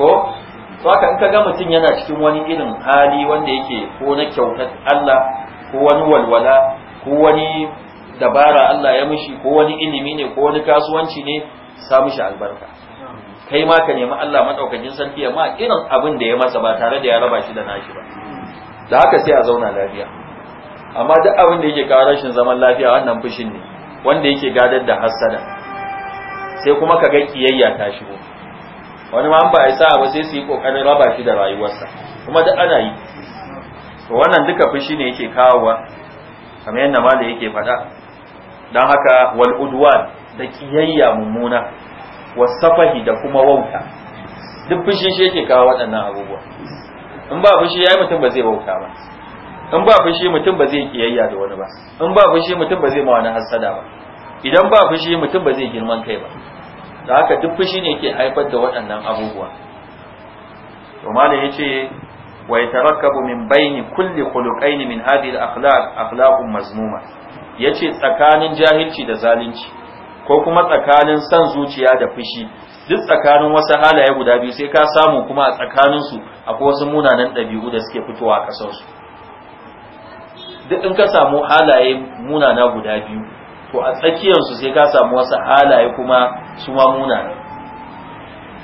ko to haka in ka ga mutum yana cikin wani irin hali wanda yake ko na kyautar Allah ko wani walwala ko wani dabara Allah ya mishi ko wani ilimi ne ko wani kasuwanci ne sa mishi albarka kai ma ka nemi Allah madaukakin sarki ya ma irin abin da ya masa ba tare da ya raba shi da nashi ba da haka sai a zauna lafiya amma duk abin da yake kawo rashin zaman lafiya wannan fushin ne wanda yake gadar da hassada sai kuma ka ga kiyayya ta shigo wani ma an ba ya sa ba sai su yi kokarin raba shi da rayuwarsa kuma duk ana yi to wannan duka fushi ne yake kawowa kamar yadda malam yake faɗa dan haka wal udwan da kiyayya mummuna wasafahi da kuma wauta duk fushi shi yake kawo waɗannan abubuwa in ba fushi yayi mutum ba zai wauta ba in ba fushi mutum ba zai kiyayya da wani ba in ba fushi mutum ba zai ma wani hasada ba idan ba fushi mutum ba zai girman kai ba da haka duk fushi ne ke haifar da waɗannan abubuwa to malam yace wa yatarakkabu min bayni kulli khuluqain min hadhihi al-akhlaq akhlaqun mazmuma yace tsakanin jahilci da zalunci ko kuma tsakanin san zuciya da fushi duk tsakanin wasu halaye guda biyu sai ka samu kuma a tsakanin su akwai wasu munanan ɗabi'u da suke fitowa a ƙasar su duk in ka samu halaye munana guda biyu to a tsakiyarsu sai ka samu wasu halaye kuma su ma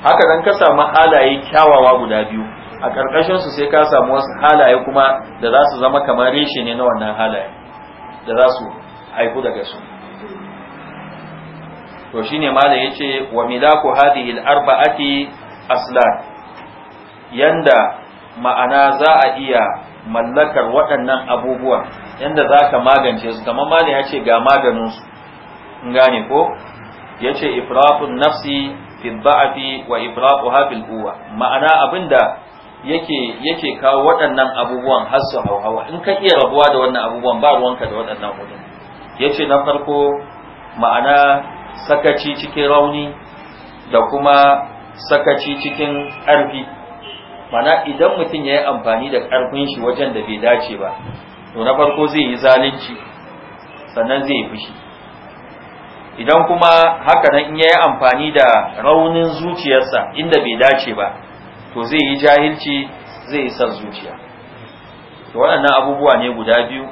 haka dan ka samu halaye kyawawa guda biyu a ƙarƙashinsu sai ka samu wasu halaye kuma da za su zama kamar reshe ne na wannan halaye da za su haiku daga su to shine malam yace wa milaku hadhihi al-arba'ati aslan yanda ma'ana za a iya mallakar waɗannan abubuwan yanda za ka magance su kamar mali ya ce ga maganinsu in gane ko ya ce ifrafun nafsi fi ba'afi wa ifrafu hafil uwa ma'ana abinda yake yake kawo waɗannan abubuwan har su hauhawa in ka iya rabuwa da wannan abubuwan ba ruwanka da waɗannan hudun ya ce na farko ma'ana sakaci cikin rauni da kuma sakaci cikin ƙarfi mana idan mutum ya yi amfani da ƙarfin shi wajen da bai dace ba to na farko zai yi zalunci sannan zai yi fushi idan kuma haka nan in yi amfani da raunin zuciyarsa inda bai dace ba to zai yi jahilci zai yi san zuciya to waɗannan abubuwa ne guda biyu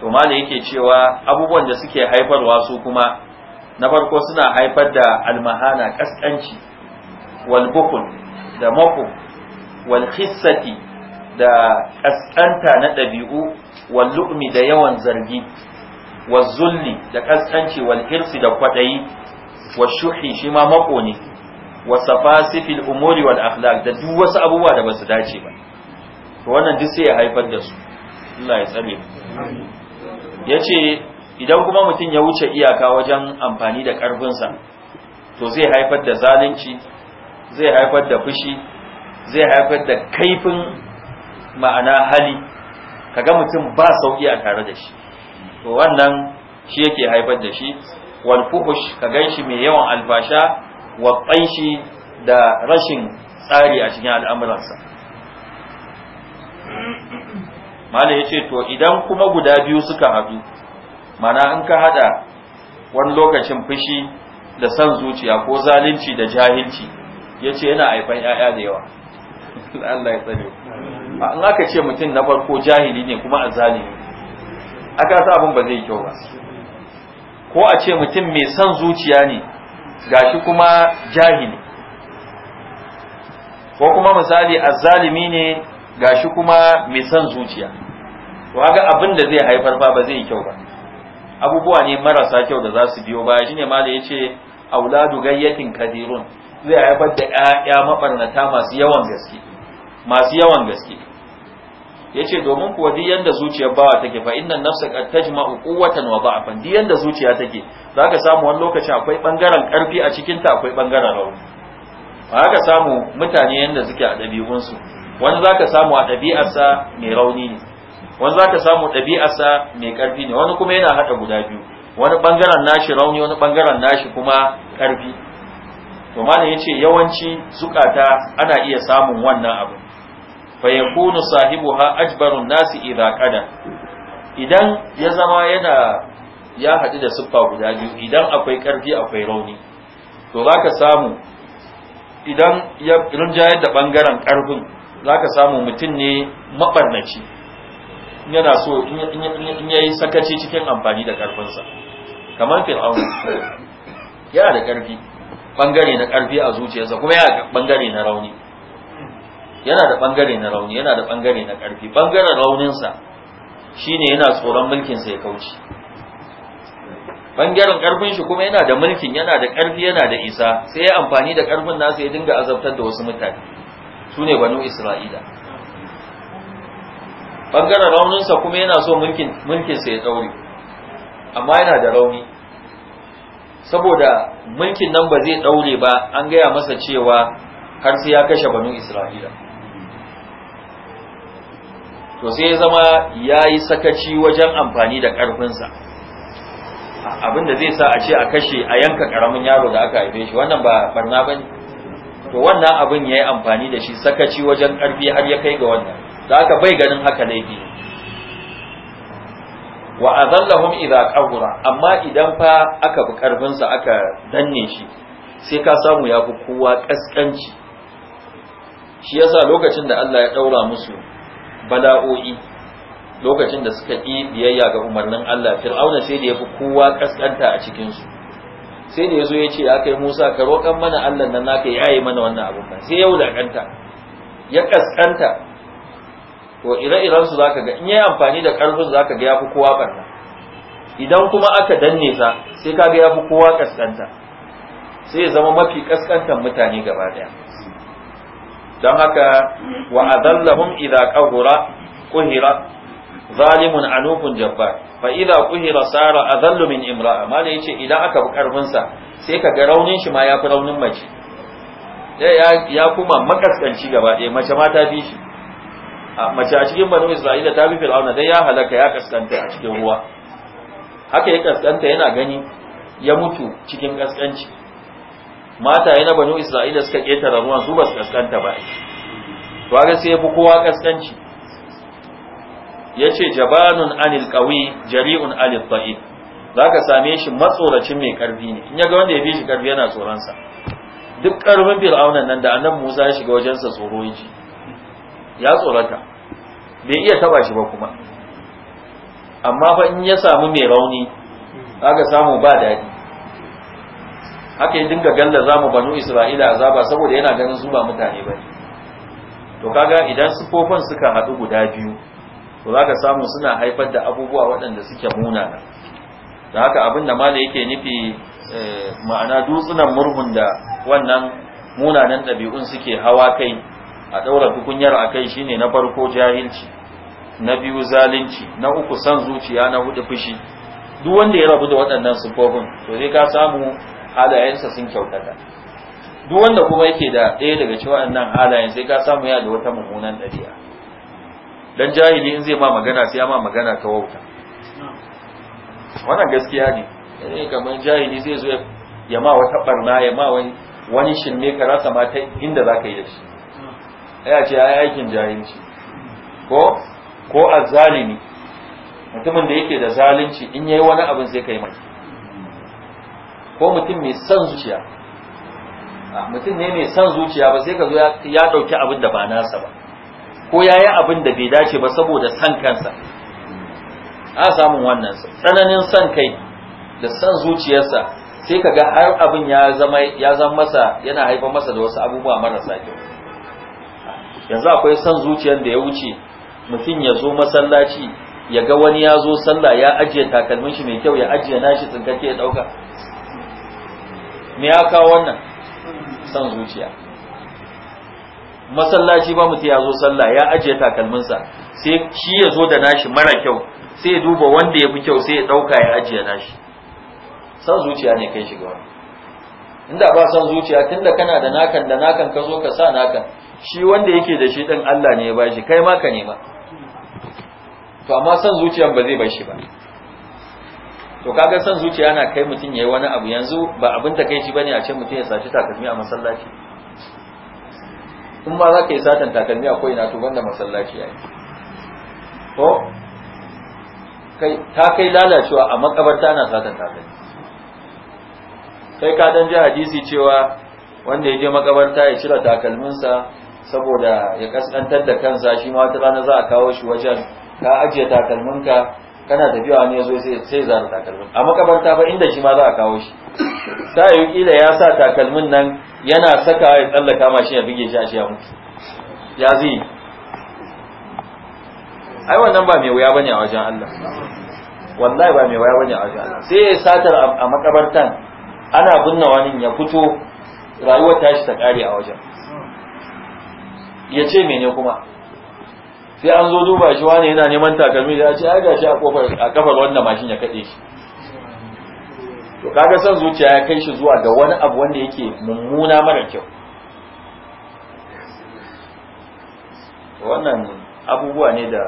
to ma da yake cewa abubuwan da suke haifarwa su kuma na farko suna haifar da almahana kaskanci wal bukul da mako wal khissati da ƙasƙanta na ɗabi'u wal lu'mi da yawan zargi wal zulli da ƙasƙanci wal hirsi da kwaɗayi wal shuhi shi ma mako ne wa safasifil umuri wal akhlaq da duk wasu abubuwa da basu dace ba to wannan duk sai ya haifar da su Allah ya tsare yace idan kuma mutum ya wuce iyaka wajen amfani da ƙarfinsa to zai haifar da zalunci zai haifar da fushi zai haifar da kaifin ma'ana hali kaga mutum ba sauki a tare da shi to wannan shi yake haifar da shi wal fuhush ka ganshi mai yawan albasha wa tsanshi da rashin tsari a cikin al'amuransa ya yace to idan kuma guda biyu suka haɗu ma'ana in ka haɗa wani lokacin fushi da san zuciya ko zalunci da jahilci yace yana haifan 'ya'ya da yawa *laughs* Allah ya tsare in aka ce mutum na farko jahili ne kuma a azzalimi A kasa abin ba zai kyau ba ko a ce mutum mai son zuciya ne gashi kuma jahili ko kuma misali a zalimi ne gashi kuma mai son zuciya to haka abin da zai haifar ba ba zai kyau ba abubuwa ne marasa kyau da za su biyo baya shine ma da yace auladu gayyatin kadirun zai haifar da ƴaƴa mabarnata masu yawan gaske masu yawan gaske yace domin kuwa duk yanda zuciyar bawa take fa innan nafsa qad tajma'u quwwatan wa da'fan duk yanda zuciya take zaka samu wani lokaci akwai bangaren karfi a cikin ta akwai bangaren rauni ka samu mutane yanda suke a dabi'un su wani zaka samu a dabi'arsa mai rauni ne wani zaka samu dabi'arsa mai karfi ne wani kuma yana hada guda biyu wani bangaren nashi rauni wani bangaren nashi kuma karfi to malam yace yawanci zukata ana iya samun wannan abin. fa yakunu sahibuha ajbarun nasi idza qada idan ya zama yana ya haɗu da siffa guda biyu idan akwai ƙarfi akwai rauni to za ka samu idan ya rinja da ɓangaren ƙarfin za ka samu mutum ne mabarnaci yana so in ya yi sakaci cikin amfani da ƙarfinsa kamar fir'auna yana da ƙarfi ɓangare na ƙarfi a zuciyarsa kuma yana ɓangare na rauni yana da bangare na rauni yana da bangare na karfi bangaren rauninsa shine yana tsoron mulkinsa ya kauce bangaren karfin shi kuma yana da mulkin yana da karfi yana da isa sai ya amfani da karfin nasa ya dinga azabtar da wasu mutane su ne banu isra'ila bangaren rauninsa kuma yana so mulkinsa ya daure amma yana da rauni saboda mulkin nan ba zai daure ba an gaya masa cewa har sai ya kashe banu isra'ila to sai ya zama ya yi sakaci wajen amfani da ƙarfinsa abin zai sa a ce a kashe a yanka ƙaramin yaro da aka haife shi wannan ba barna ba to wannan abin ya yi amfani da shi sakaci wajen ƙarfi har ya kai ga wannan da aka bai ganin haka laifi wa azallahum idza qawra amma idan fa aka bi ƙarfinsa aka danne shi sai ka samu yafi kowa ƙasƙanci shi yasa lokacin da Allah ya ɗaura musu bala'o'i lokacin da suka yi biyayya ga umarnin Allah fir'auna sai da ya fi kowa kaskanta a cikinsu sai da ya zo ya ce ya kai musa ka roƙan mana Allah nan naka ya yi mana wannan abin nan sai ya wulakanta ya kaskanta to ire-irensu za ka ga in yi amfani da ƙarfin za ka ga ya fi kowa ɓarna idan kuma aka danne sa sai ka ga ya fi kowa kaskanta sai ya zama mafi kaskantan mutane gaba ɗaya don haka wa adallahum idza qahura quhira zalimun anufun jabbar fa idza kuhira sara adallu min imra'a mala yace idan aka bi karbin sa sai ga raunin shi ma yafi raunin mace eh, ya ya kuma makaskanci gaba ɗaya mace ma ta fi shi mace a cikin banu isra'ila ta fi fir'auna dai ya halaka ya kaskanta a cikin ruwa haka ya kaskanta yana gani ya mutu cikin kaskanci mataye na banu isra'ila suka ƙetare ruwan su ba su kaskanta ba to ga sai fi kowa kaskanci yace jabanun anil qawi jari'un anil za zaka same shi matsoracin mai karfi ne in yaga wanda ya bi shi yana tsoronsa. duk karfin fir'aunan nan da annabi Musa ya shiga wajensa sa tsoro yake ya tsorata bai iya taba shi ba kuma amma fa in ya samu mai rauni ka samu ba daɗi. haka ya dinga galla za mu banu isra'ila azaba saboda yana ganin su ba mutane ba to kaga idan sufofin suka haɗu guda biyu to za ka samu suna haifar da abubuwa waɗanda suke munana da haka abin da mala yake nufi eh, ma'ana dutsunan murhun da wannan munanan ɗabi'un suke hawa kai a ɗaura tukunyar a kai shine na farko jahilci na biyu zalunci na uku san zuciya na hudu fushi duk wanda ya rabu da waɗannan sifofin to sai ka samu halayensa sun kyautata duk wanda kuma yake da ɗaya daga cikin waɗannan halayen sai ka samu ya da wata mummunan ɗabi'a dan jahili in zai ma magana sai ya ma magana ta wauta wannan gaskiya ne ne eh, kamar jahili zai zo ya ma wata barna ya ma wani wani shirme ka rasa ma ta inda za ka yi da shi ya ce "Ai, aikin jahilci ko ko azzalimi mutumin da yake da zalunci in yayi wani abin sai kai mai ko mutum mai san zuciya ah, mutum ne mai son zuciya ba sai ka zo ya ɗauki abin da ba nasa ba ko ya yi abin da bai dace ba saboda son kansa a samun wannan tsananin san kai da san zuciyarsa sai ka ga har abin ya zama ya zama masa yana haifar masa da wasu abubuwa marasa kyau yanzu akwai san zuciyar da ya wuce mutum ya zo masallaci ya ga wani ya zo sallah ya ajiye takalmin shi mai kyau ya ajiye nashi tsinkake ya dauka me ya kawo wannan san zuciya masallaci ba mutu ya zo sallah ya ajiye takalminsa sai shi ya zo da nashi mara kyau sai ya duba wanda ya fi kyau sai ya ɗauka ya ajiye nashi san zuciya ne kai shiga wani inda ba san zuciya tunda kana da nakan da nakan ka zo ka sa nakan shi wanda yake da shi ɗin Allah ne ya bashi kai ma ka nema to amma san zuciyan ba zai bar shi ba to kaga san zuciya na kai mutum yayi wani abu yanzu ba abin da kai shi bane a ce mutum ya saci takalmi a masallaci kuma ma za ka yi satan takalmi a ko'ina to banda masallaci yayi to kai ta kai lalacewa a makabarta na satan takalmi kai ka dan ji hadisi cewa wanda ya je makabarta ya cire takalminsa saboda ya kaskantar da kansa shi ma wata rana za a kawo shi wajen ka ajiye takalminka kana tafiya ne yazo sai sai zan takalmin a makabarta ba inda shi ma za a kawo shi sai yi kila ya sa takalmin nan yana saka ya tsallaka shi ya bige shi a shi ya mutu ya zai ai wannan ba mai wuya bane a wajen Allah wallahi ba mai wuya bane a wajen Allah sai ya satar a makabartan ana binne wani ya fito rayuwar tashi ta kare a wajen ya ce mene kuma sai an zo duba shi wani yana neman takalmi ya ce ai gashi a kofar a kafar wanda mashin ya kade shi to kaga san zuciya ya kai shi zuwa ga wani abu wanda yake mummuna mara kyau wannan abubuwa ne da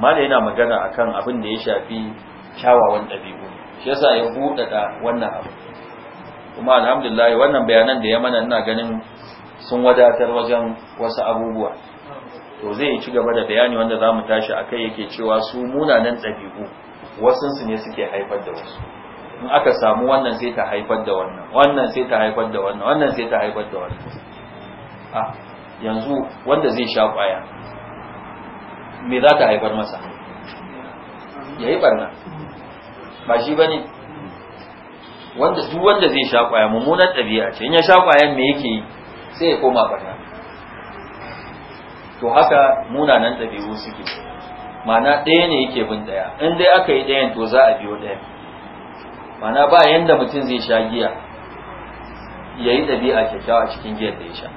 mala yana magana akan abin da ya shafi kyawawan ɗabi'u shi yasa ya buɗaɗa wannan abu kuma alhamdulillah wannan bayanan da ya mana ina ganin sun wadatar wajen wasu abubuwa to zai ci gaba da bayani wanda za mu tashi a kai yake cewa su munanan ɗabi'u wasansu ne suke haifar da wasu in aka samu wannan sai ta haifar da wannan wannan sai ta haifar da wannan wannan sai ta haifar da wannan a ah, yanzu wanda zai sha kwaya me za ta haifar masa ya yi barna ba shi ba ne wanda duk wanda zai sha kwaya mummunar ɗabi'a ce in ya sha kwayan me yake yi sai ya koma barna to haka munanan ɗabi'u suke mana ɗaya ne yake bin ɗaya in dai aka yi ɗayan to za a biyo ɗaya mana ba yanda mutum zai sha giya ya yi ɗabi'a kyakkyawa cikin giyar da ya sha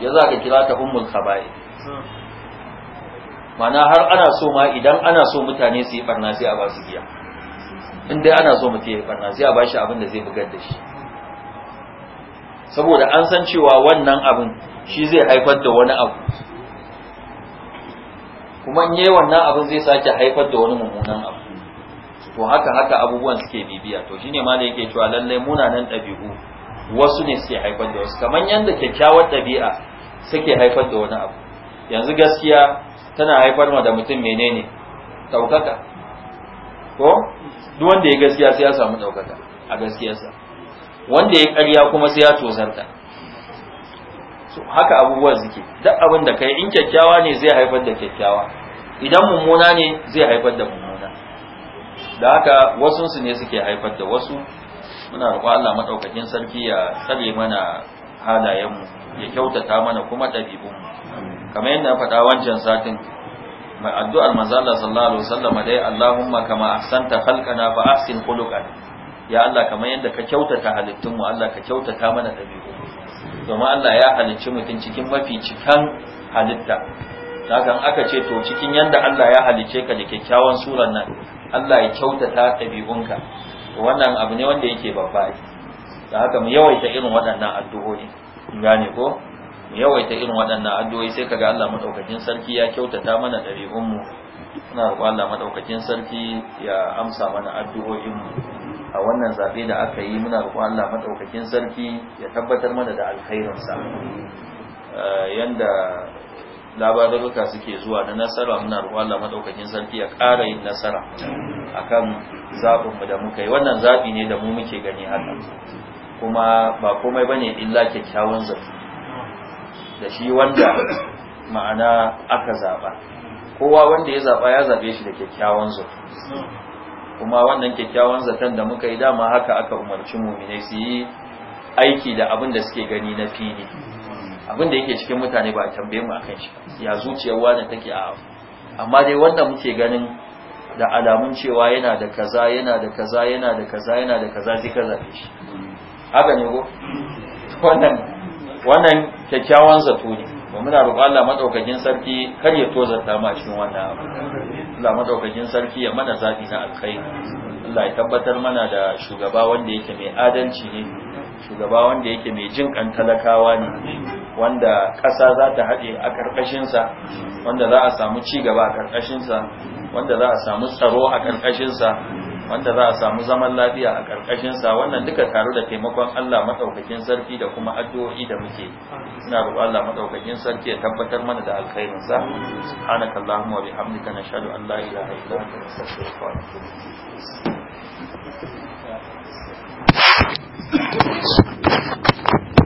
ya za ka kira ta ummul khaba'i mana har ana so ma idan ana so mutane su yi barna a ba su giya in dai ana so mutum ya yi barna sai a ba shi abin da zai bugar da shi saboda an san cewa wannan abin shi zai haifar da wani abu kuma in yi wannan abin zai sake haifar da wani mummunan abu to haka haka abubuwan suke bibiya to shine ma da yake cewa lallai munanan ɗabi'u wasu ne suke haifar da wasu kamar yadda kyakkyawar ɗabi'a suke haifar da wani abu yanzu gaskiya tana haifar ma da mutum menene ɗaukaka ko duk wanda ya gaskiya sai ya samu ɗaukaka a gaskiyarsa wanda ya karya kuma sai ya tozarta haka abubuwan suke duk abin da kai in kyakkyawa ne zai haifar da kyakkyawa idan mummuna ne zai haifar da mummuna da haka wasunsu ne suke haifar da wasu muna roƙon Allah madaukakin sarki ya tsare mana halayen mu ya kyautata mana kuma ɗabi'unmu kamar yadda na faɗa wancan satin mai addu'ar manzo Allah sallallahu alaihi wasallam dai Allahumma kama ahsanta khalqana fa ahsin khuluqana ya Allah kamar yadda ka kyautata halittunmu Allah ka kyautata mana ɗabi'u domin Allah ya halicci mutum cikin mafi cikan halitta hakan aka ce to cikin yadda Allah ya halicce ka da kyakkyawan suran nan Allah ya kyautata ɗabi'unka wannan abu ne wanda yake babba da haka mu yawaita irin waɗannan addu'o'i gane ko mu yawaita irin waɗannan addu'o'i sai kaga Allah madaukakin sarki ya kyautata mana ɗabi'unmu Ina roƙon Allah madaukakin sarki ya amsa mana addu'o'inmu a wannan zaɓe da aka yi muna roƙon Allah maɗaukakin sarki ya tabbatar mana da alkhairinsa eh, yanda labarurruka suke zuwa na nasara muna roƙon Allah maɗaukakin sarki ya ƙara yin nasara akan zaɓinmu da muka yi wannan zaɓi ne da mu muke gani haka kuma ba komai bane illa kyakkyawan da shi wanda ma'ana aka zaɓa kowa wanda ya zaɓa ya zaɓe shi da kyakkyawan zato kuma wannan kyakkyawan zaton da muka yi dama haka aka umarci muminai su yi aiki da abin da suke gani na fili abin da yake cikin mutane ba a tambaye mu akan shi ya zuciyar wani take a abu amma dai wanda muke ganin da alamun cewa yana da kaza yana da kaza yana da kaza yana da kaza zai kaza shi haka ne ko wannan wannan kyakkyawan zato ne ba muna roƙon Allah madaukakin sarki kar ya toza ta ma cikin wannan abu Allah madaukakin sarki ya mana zabi na alkhairi Allah ya tabbatar mana da shugaba wanda yake mai adalci ne shugaba wanda yake mai jin kan talakawa ne wanda ƙasa za ta haɗe a ƙarƙashinsa wanda za a samu ci gaba a ƙarƙashinsa wanda za a samu tsaro a ƙarƙashinsa wanda za a samu zaman lafiya a sa, wannan duka taru da taimakon Allah maɗaukakin sarki da kuma addu'o'i da muke ina roƙon Allah maɗaukakin sarki ya tabbatar mana da alkhairinsa subhanaka allahumma wa bihamdika nashhadu an la ilaha illa anta nastaghfiruka wa natubu ilayk